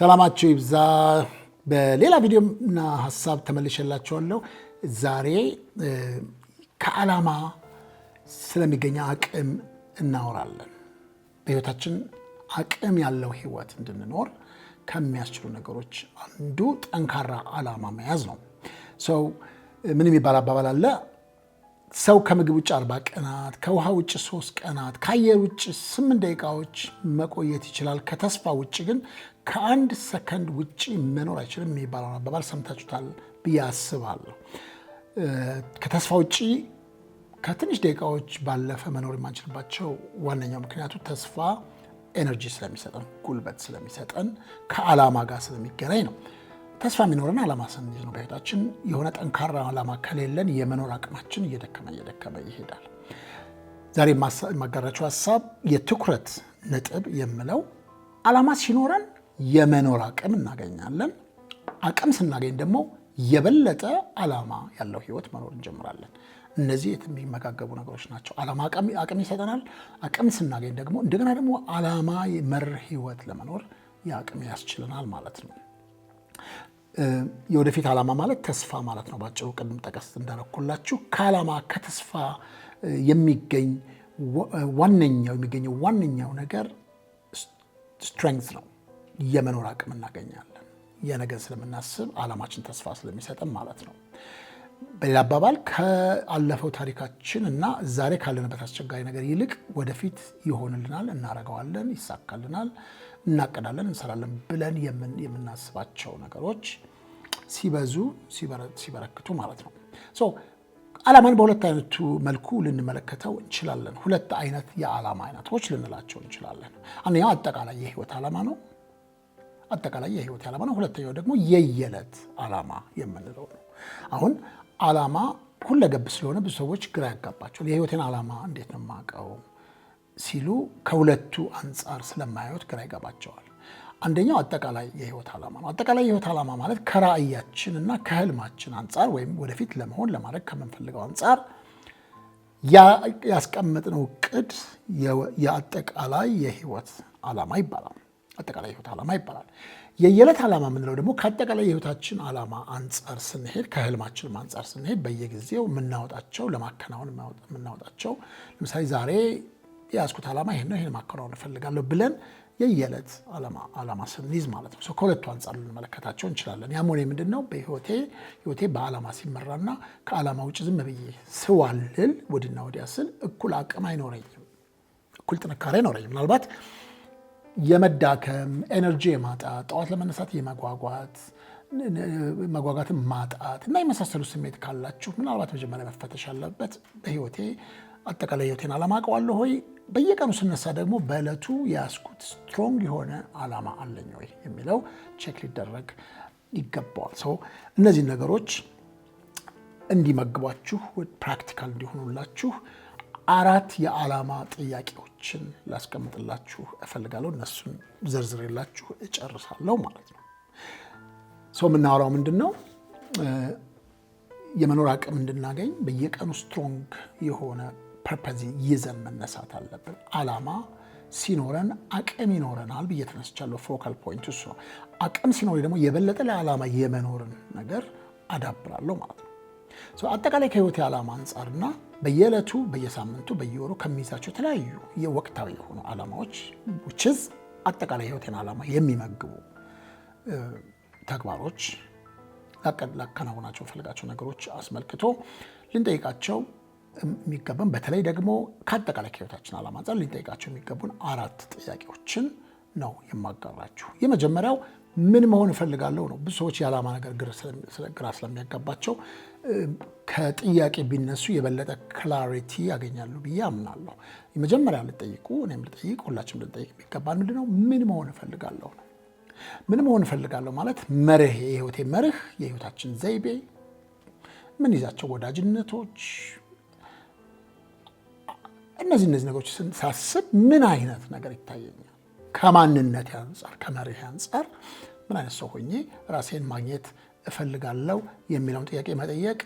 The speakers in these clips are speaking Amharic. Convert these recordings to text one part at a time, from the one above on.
ሰላማችሁ ይብዛ። በሌላ ቪዲዮም እና ሀሳብ ተመልሼላችኋለሁ። ዛሬ ከዓላማ ስለሚገኝ አቅም እናወራለን። በህይወታችን አቅም ያለው ህይወት እንድንኖር ከሚያስችሉ ነገሮች አንዱ ጠንካራ ዓላማ መያዝ ነው። ሰው ምን የሚባል አባባል አለ ሰው ከምግብ ውጭ አርባ ቀናት ከውሃ ውጭ ሶስት ቀናት ከአየር ውጭ ስምንት ደቂቃዎች መቆየት ይችላል። ከተስፋ ውጭ ግን ከአንድ ሰከንድ ውጭ መኖር አይችልም የሚባለውን አባባል ሰምታችሁታል ብዬ አስባለሁ። ከተስፋ ውጭ ከትንሽ ደቂቃዎች ባለፈ መኖር የማንችልባቸው ዋነኛው ምክንያቱ ተስፋ ኤነርጂ ስለሚሰጠን፣ ጉልበት ስለሚሰጠን፣ ከዓላማ ጋር ስለሚገናኝ ነው። ተስፋ የሚኖረን ዓላማ ስንይዝ ነው። በህይወታችን የሆነ ጠንካራ ዓላማ ከሌለን የመኖር አቅማችን እየደከመ እየደከመ ይሄዳል። ዛሬ የማጋራቸው ሀሳብ የትኩረት ነጥብ የምለው ዓላማ ሲኖረን የመኖር አቅም እናገኛለን። አቅም ስናገኝ ደግሞ የበለጠ ዓላማ ያለው ህይወት መኖር እንጀምራለን። እነዚህ የሚመጋገቡ ነገሮች ናቸው። ዓላማ አቅም ይሰጠናል። አቅም ስናገኝ ደግሞ እንደገና ደግሞ ዓላማ መር ህይወት ለመኖር የአቅም ያስችለናል ማለት ነው። የወደፊት ዓላማ ማለት ተስፋ ማለት ነው። ባጭሩ ቅድም ጠቀስ እንዳረኩላችሁ ከዓላማ ከተስፋ የሚገኝ ዋነኛው የሚገኘው ዋነኛው ነገር ስትሬንግዝ ነው። የመኖር አቅም እናገኛለን። የነገር ስለምናስብ ዓላማችን ተስፋ ስለሚሰጥም ማለት ነው። በሌላ አባባል ከአለፈው ታሪካችን እና ዛሬ ካለንበት አስቸጋሪ ነገር ይልቅ ወደፊት ይሆንልናል፣ እናረገዋለን፣ ይሳካልናል እናቀዳለን እንሰራለን ብለን የምናስባቸው ነገሮች ሲበዙ ሲበረክቱ ማለት ነው። ዓላማን በሁለት አይነቱ መልኩ ልንመለከተው እንችላለን። ሁለት አይነት የዓላማ አይነቶች ልንላቸው እንችላለን። አንደኛው አጠቃላይ የህይወት ዓላማ ነው። አጠቃላይ የህይወት ዓላማ ነው። ሁለተኛው ደግሞ የየዕለት ዓላማ የምንለው ነው። አሁን ዓላማ ሁለገብ ስለሆነ ብዙ ሰዎች ግራ ያጋባቸዋል። የህይወቴን ዓላማ እንዴት ነው የማውቀው? ሲሉ ከሁለቱ አንጻር ስለማያዩት ግራ ይገባቸዋል። አንደኛው አጠቃላይ የህይወት ዓላማ ነው። አጠቃላይ የህይወት ዓላማ ማለት ከራእያችን እና ከህልማችን አንጻር ወይም ወደፊት ለመሆን ለማድረግ ከምንፈልገው አንጻር ያስቀመጥነው እቅድ የአጠቃላይ የህይወት ዓላማ ይባላል። አጠቃላይ የህይወት ዓላማ ይባላል። የየዕለት ዓላማ የምንለው ደግሞ ከአጠቃላይ የህይወታችን ዓላማ አንጻር ስንሄድ ከህልማችንም አንጻር ስንሄድ በየጊዜው የምናወጣቸው ለማከናወን የምናወጣቸው ለምሳሌ ዛሬ የያዝኩት ዓላማ ይሄን ነው፣ ይሄን ማከናወን እፈልጋለሁ ብለን የየዕለት ዓላማ ስንይዝ ማለት ነው። ከሁለቱ አንጻር ልንመለከታቸው እንችላለን። ያም ሆነ ምንድን ነው በህይወቴ ህይወቴ በዓላማ ሲመራና ከዓላማ ውጭ ዝም ብዬ ስዋልል ወድና ወዲያ ስል እኩል አቅም አይኖረኝም፣ እኩል ጥንካሬ አይኖረኝም። ምናልባት የመዳከም ኤነርጂ የማጣት ጠዋት ለመነሳት የመጓጓት መጓጓትን ማጣት እና የመሳሰሉ ስሜት ካላችሁ ምናልባት መጀመሪያ መፈተሽ ያለበት በህይወቴ አጠቃላይ ህይወቴን ዓላማ አውቀዋለሁ ሆይ፣ በየቀኑ ስነሳ ደግሞ በእለቱ የያዝኩት ስትሮንግ የሆነ አላማ አለኝ ወይ የሚለው ቼክ ሊደረግ ይገባዋል። ሰው እነዚህ ነገሮች እንዲመግቧችሁ ፕራክቲካል እንዲሆኑላችሁ አራት የዓላማ ጥያቄዎችን ላስቀምጥላችሁ እፈልጋለሁ። እነሱን ዘርዝሬላችሁ እጨርሳለሁ ማለት ነው። ሰው የምናወራው ምንድን ነው? የመኖር አቅም እንድናገኝ በየቀኑ ስትሮንግ የሆነ ፐርፐዝ ይዘን መነሳት አለብን። አላማ ሲኖረን አቅም ይኖረናል ብዬ ተነስቻለሁ። ፎካል ፖይንት እሱ ነው። አቅም ሲኖር ደግሞ የበለጠ ለዓላማ የመኖርን ነገር አዳብራለሁ ማለት ነው። አጠቃላይ ከህይወት የዓላማ አንጻርና በየዕለቱ በየሳምንቱ በየወሩ ከሚይዛቸው የተለያዩ የወቅታዊ የሆኑ ዓላማዎች ውችዝ አጠቃላይ ህይወቴን ዓላማ የሚመግቡ ተግባሮች ላከናውናቸው ፈልጋቸው ነገሮች አስመልክቶ ልንጠይቃቸው የሚገባን በተለይ ደግሞ ከአጠቃላይ ህይወታችን ዓላማ አንጻር ልንጠይቃቸው የሚገቡን አራት ጥያቄዎችን ነው የማጋራችሁ። የመጀመሪያው ምን መሆን እፈልጋለሁ ነው። ብዙ ሰዎች የዓላማ ነገር ግራ ስለሚያጋባቸው ከጥያቄ ቢነሱ የበለጠ ክላሪቲ ያገኛሉ ብዬ አምናለሁ። የመጀመሪያ ልጠይቁ እኔም ልጠይቅ ሁላችንም ልንጠይቅ የሚገባን ምንድነው ምን መሆን እፈልጋለሁ ነው። ምን መሆን እፈልጋለሁ ማለት መርህ፣ የህይወቴ መርህ፣ የህይወታችን ዘይቤ፣ ምን ይዛቸው ወዳጅነቶች፣ እነዚህ እነዚህ ነገሮች ሳስብ ምን አይነት ነገር ይታየኛል? ከማንነት አንጻር ከመርህ አንጻር ምን አይነት ሰው ሆኜ ራሴን ማግኘት እፈልጋለሁ የሚለውን ጥያቄ መጠየቅ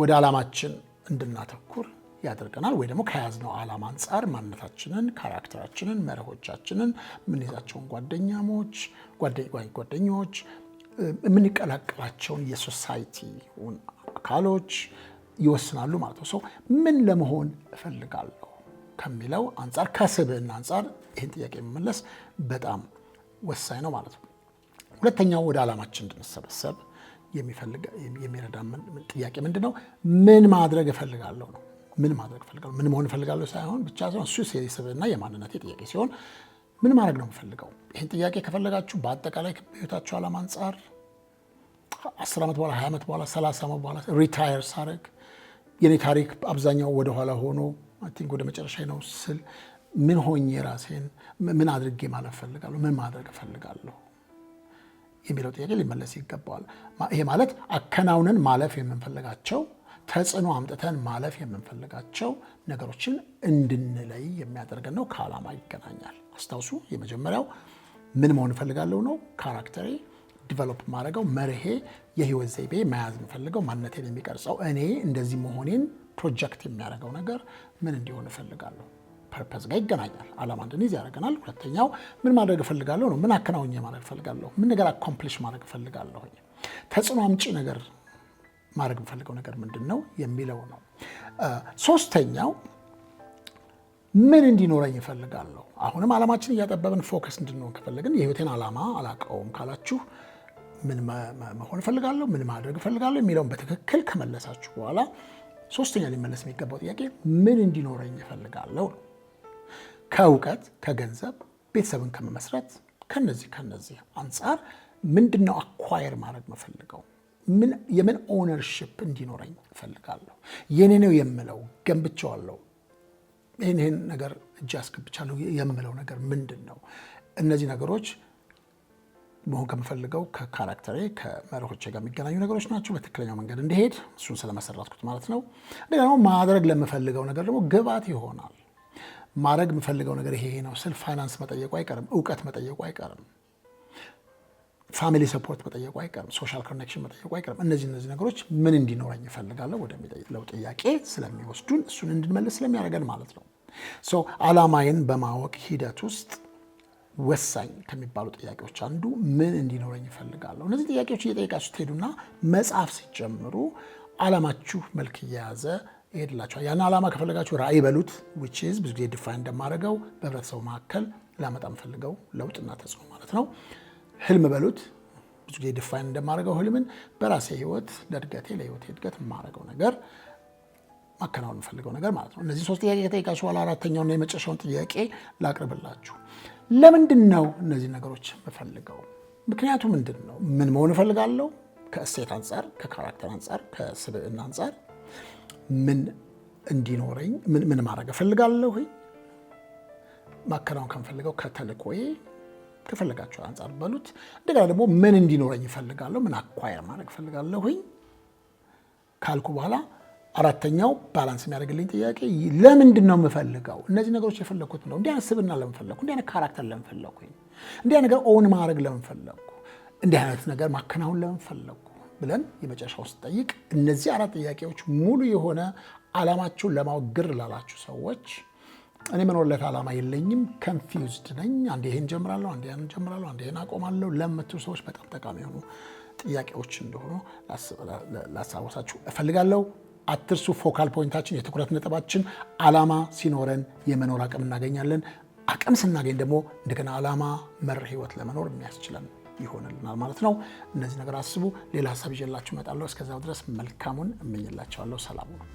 ወደ ዓላማችን እንድናተኩር ያደርገናል ወይ ደግሞ ከያዝነው ዓላማ አንጻር ማንነታችንን፣ ካራክተራችንን፣ መርሆቻችንን፣ የምንይዛቸውን ጓደኛሞች ጓደኞች፣ የምንቀላቀላቸውን የሶሳይቲ አካሎች ይወስናሉ ማለት ነው። ሰው ምን ለመሆን እፈልጋለሁ ከሚለው አንጻር ከስብዕና አንጻር ይህን ጥያቄ መመለስ በጣም ወሳኝ ነው ማለት ነው። ሁለተኛው ወደ ዓላማችን እንድንሰበሰብ የሚረዳ ጥያቄ ምንድን ነው? ምን ማድረግ እፈልጋለሁ ነው። ምን ማድረግ እፈልጋለሁ፣ ምን መሆን እፈልጋለሁ ሳይሆን ብቻ ሳይሆን እሱ የስብዕና የማንነቴ ጥያቄ ሲሆን ምን ማድረግ ነው የምፈልገው? ይህን ጥያቄ ከፈለጋችሁ በአጠቃላይ ህይወታችሁ ዓላማ አንጻር አስር ዓመት በኋላ ሀያ ዓመት በኋላ ሰላሳ ዓመት በኋላ ሪታየር ሳረግ የኔ ታሪክ አብዛኛው ወደኋላ ሆኖ ቲንክ ወደ መጨረሻ ነው ስል ምን ሆኜ ራሴን ምን አድርጌ ማለት እፈልጋለሁ፣ ምን ማድረግ እፈልጋለሁ የሚለው ጥያቄ ሊመለስ ይገባዋል። ይሄ ማለት አከናውነን ማለፍ የምንፈልጋቸው ተጽዕኖ አምጥተን ማለፍ የምንፈልጋቸው ነገሮችን እንድንለይ የሚያደርገን ነው። ከዓላማ ይገናኛል። አስታውሱ፣ የመጀመሪያው ምን መሆን እፈልጋለሁ ነው። ካራክተሬ ዲቨሎፕ ማድረገው መርሄ፣ የህይወት ዘይቤ መያዝ የምፈልገው ማንነቴን የሚቀርጸው እኔ እንደዚህ መሆኔን ፕሮጀክት የሚያደርገው ነገር ምን እንዲሆን እፈልጋለሁ ፐርፐዝ ጋር ይገናኛል። ዓላማ እንድንይዝ ያደርገናል። ሁለተኛው ምን ማድረግ እፈልጋለሁ ነው። ምን አከናውኜ ማድረግ እፈልጋለሁ፣ ምን ነገር አኮምፕሊሽ ማድረግ እፈልጋለሁ። ተጽዕኖ አምጪ ነገር ማድረግ የምፈልገው ነገር ምንድን ነው የሚለው ነው። ሶስተኛው ምን እንዲኖረኝ እፈልጋለሁ። አሁንም ዓላማችን እያጠበብን ፎከስ እንድንሆን ከፈለግን የህይወቴን ዓላማ አላቀውም ካላችሁ ምን መሆን እፈልጋለሁ፣ ምን ማድረግ እፈልጋለሁ የሚለውን በትክክል ከመለሳችሁ በኋላ ሶስተኛ ሊመለስ የሚገባው ጥያቄ ምን እንዲኖረኝ እፈልጋለሁ ነው። ከእውቀት ከገንዘብ፣ ቤተሰብን ከመመስረት ከነዚህ ከነዚህ አንጻር ምንድነው አኳየር ማድረግ መፈልገው የምን ኦነርሽፕ እንዲኖረኝ እፈልጋለሁ። የኔ ነው የምለው ገንብቸዋለሁ፣ ይህን ነገር እጅ አስገብቻለሁ የምለው ነገር ምንድን ነው? እነዚህ ነገሮች መሆን ከምፈልገው ከካራክተሬ ከመርሆቼ ጋር የሚገናኙ ነገሮች ናቸው። በትክክለኛው መንገድ እንዲሄድ እሱን ስለመሰራትኩት ማለት ነው። እንደገና ደግሞ ማድረግ ለምፈልገው ነገር ደግሞ ግባት ይሆናል። ማድረግ የምፈልገው ነገር ይሄ ነው ስል ፋይናንስ መጠየቁ አይቀርም፣ እውቀት መጠየቁ አይቀርም። ፋሚሊ ሰፖርት መጠየቁ አይቀርም፣ ሶሻል ኮኔክሽን መጠየቁ አይቀርም። እነዚህ እነዚህ ነገሮች ምን እንዲኖረኝ እፈልጋለሁ ወደሚለው ጥያቄ ስለሚወስዱን እሱን እንድንመልስ ስለሚያደርገን ማለት ነው። ሶ አላማዬን በማወቅ ሂደት ውስጥ ወሳኝ ከሚባሉ ጥያቄዎች አንዱ ምን እንዲኖረኝ እፈልጋለሁ። እነዚህ ጥያቄዎች እየጠየቃችሁ ስትሄዱና መጽሐፍ ሲጀምሩ አላማችሁ መልክ እየያዘ ይሄድላችኋል። ያን አላማ ከፈለጋችሁ ራዕይ በሉት። ዊችዝ ብዙ ጊዜ ዲፋይን እንደማደርገው በህብረተሰቡ መካከል ላመጣ የምፈልገው ለውጥና ተጽዕኖ ማለት ነው። ህልም በሉት ብዙ ጊዜ ድፋይን እንደማደርገው ህልምን በራሴ ህይወት ለእድገቴ ለህይወቴ እድገት የማደርገው ነገር ማከናወን የምፈልገው ነገር ማለት ነው። እነዚህ ሶስት ጥያቄ ከጠየቃችሁ በኋላ አራተኛውና የመጨረሻውን ጥያቄ ላቅርብላችሁ። ለምንድን ነው እነዚህ ነገሮች የምፈልገው? ምክንያቱ ምንድን ነው? ምን መሆን እፈልጋለሁ? ከእሴት አንጻር፣ ከካራክተር አንጻር፣ ከስብዕና አንጻር ምን እንዲኖረኝ ምን ማድረግ እፈልጋለሁ? ማከናወን ከምፈልገው ከተልእኮዬ ከፈለጋቸው አንጻር በሉት። እንደገና ደግሞ ምን እንዲኖረኝ ይፈልጋለሁ ምን አኳየር ማድረግ ፈልጋለሁኝ ካልኩ በኋላ አራተኛው ባላንስ የሚያደርግልኝ ጥያቄ ለምንድን ነው የምፈልገው? እነዚህ ነገሮች የፈለግኩት ነው። እንዲህ አይነት ስብና ለምፈለግኩ፣ እንዲህ አይነት ካራክተር ለምፈለግኩኝ፣ እንዲህ አይነት ነገር ኦውን ማድረግ ለምፈለግኩ፣ እንዲህ አይነት ነገር ማከናወን ለምፈለግኩ ብለን የመጨረሻው ስጠይቅ እነዚህ አራት ጥያቄዎች ሙሉ የሆነ ዓላማችሁን ለማወቅ ግር ላላችሁ ሰዎች እኔ መኖርለት ዓላማ የለኝም፣ ከንፊውዝድ ነኝ፣ አንድ ይህን ጀምራለሁ፣ አንድ ያን ጀምራለሁ፣ አንድ ይህን አቆማለሁ ለምትሉ ሰዎች በጣም ጠቃሚ የሆኑ ጥያቄዎች እንደሆኑ ላሳወሳችሁ እፈልጋለሁ። አትርሱ። ፎካል ፖይንታችን፣ የትኩረት ነጥባችን ዓላማ ሲኖረን የመኖር አቅም እናገኛለን። አቅም ስናገኝ ደግሞ እንደገና ዓላማ መር ህይወት ለመኖር የሚያስችለን ይሆንልናል ማለት ነው። እነዚህ ነገር አስቡ። ሌላ ሀሳብ ይዤላችሁ እመጣለሁ። እስከዚያው ድረስ መልካሙን እመኝላቸዋለሁ። ሰላሙ ነው።